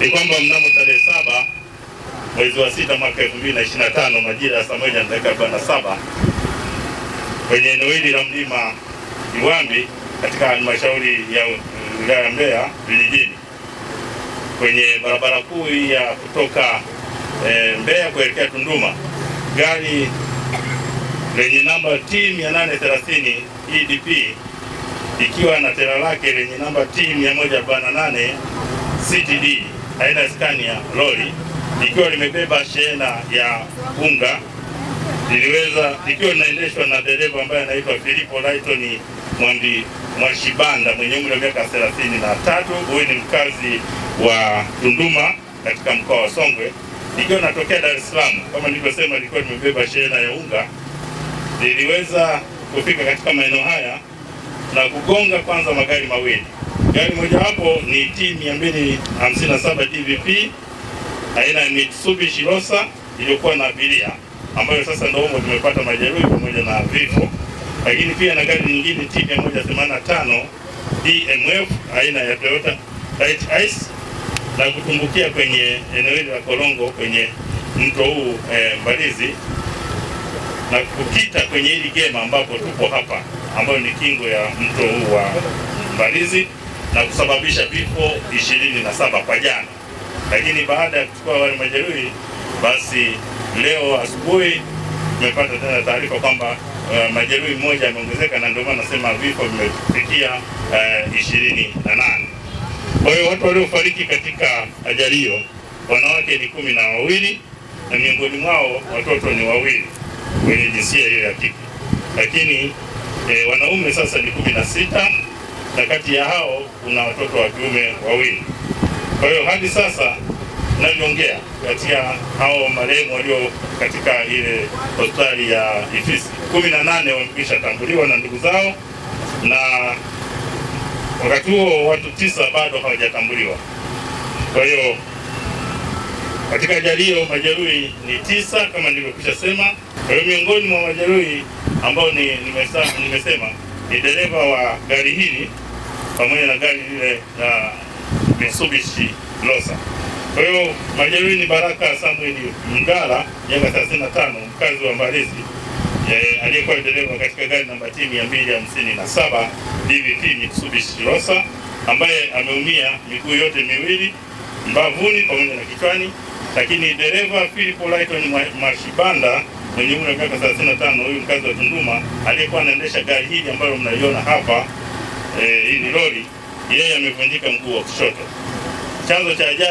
ni kwamba mnamo tarehe saba mwezi wa sita mwaka tano majira ya saa moja na dakika arobaini na saba kwenye eneo hili la mlima Iwambi katika halmashauri ya wilaya ya Mbeya vijijini kwenye barabara kuu ya kutoka e, Mbeya kuelekea Tunduma gari lenye namba T 830 EDP ikiwa na tela lake lenye namba T 148 CTD aina Scania lori likiwa limebeba shehena ya unga liliweza likiwa linaendeshwa na dereva ambaye anaitwa Filipo Lighton Mwandi Mwashibanda mwenye umri wa miaka tatu. huyu ni mkazi wa Tunduma katika mkoa wa Songwe, likiwa natokea Dar es Salaam. Kama nilivyosema, likiwa limebeba shehena ya unga, liliweza kufika katika maeneo haya na kugonga kwanza magari mawili Gari yaani mojawapo ni T 257 DVP aina ya Mitsubishi Rosa iliyokuwa na abiria ambayo sasa ndio huko tumepata majeruhi pamoja na vifo, lakini pia na gari nyingine T 185 DMF aina ya Toyota Light Ice na kutumbukia kwenye eneo hili la korongo kwenye mto huu eh, Mbalizi na kukita kwenye hili gema ambapo tupo hapa ambayo ni kingo ya mto huu wa Mbalizi na kusababisha vifo 27 kwa jana, lakini baada ya kuchukua wale majeruhi, basi leo asubuhi tumepata tena taarifa kwamba uh, majeruhi mmoja ameongezeka, na ndio maana nasema vifo vimefikia uh, ishirini na Kwa hiyo watu waliofariki katika ajali hiyo wanawake ni kumi na wawili na miongoni mwao watoto ni wawili wenye jinsia hiyo ya kike, lakini eh, wanaume sasa ni kumi na sita na kati ya hao kuna watoto wa kiume wawili. Kwa hiyo hadi sasa navyoongea, kati ya hao marehemu walio katika ile hospitali ya Ifisi, kumi na nane wamekwisha tambuliwa na ndugu zao, na wakati huo watu tisa bado hawajatambuliwa. Kwa hiyo katika ajali hiyo majeruhi ni tisa kama nilivyokwisha sema. Kwa hiyo miongoni mwa majeruhi ambao ni, nimesema, nimesema ni dereva wa gari hili pamoja na gari lile la Mitsubishi Rosa. Kwa hiyo Majeruhi ni Baraka Samuel Mgala miaka 35 mkazi wa Mbalizi eh, aliyekuwa dereva katika gari namba T 257 DVT Mitsubishi Rosa ambaye ameumia miguu yote miwili mbavuni pamoja na kichwani, lakini dereva Philip Lighton Mashibanda mwenye umri wa miaka 35, huyu mkazi wa Tunduma aliyekuwa anaendesha gari hili ambalo mnaliona hapa eh, hili lori yeye amevunjika mguu wa kushoto. Chanzo cha ajali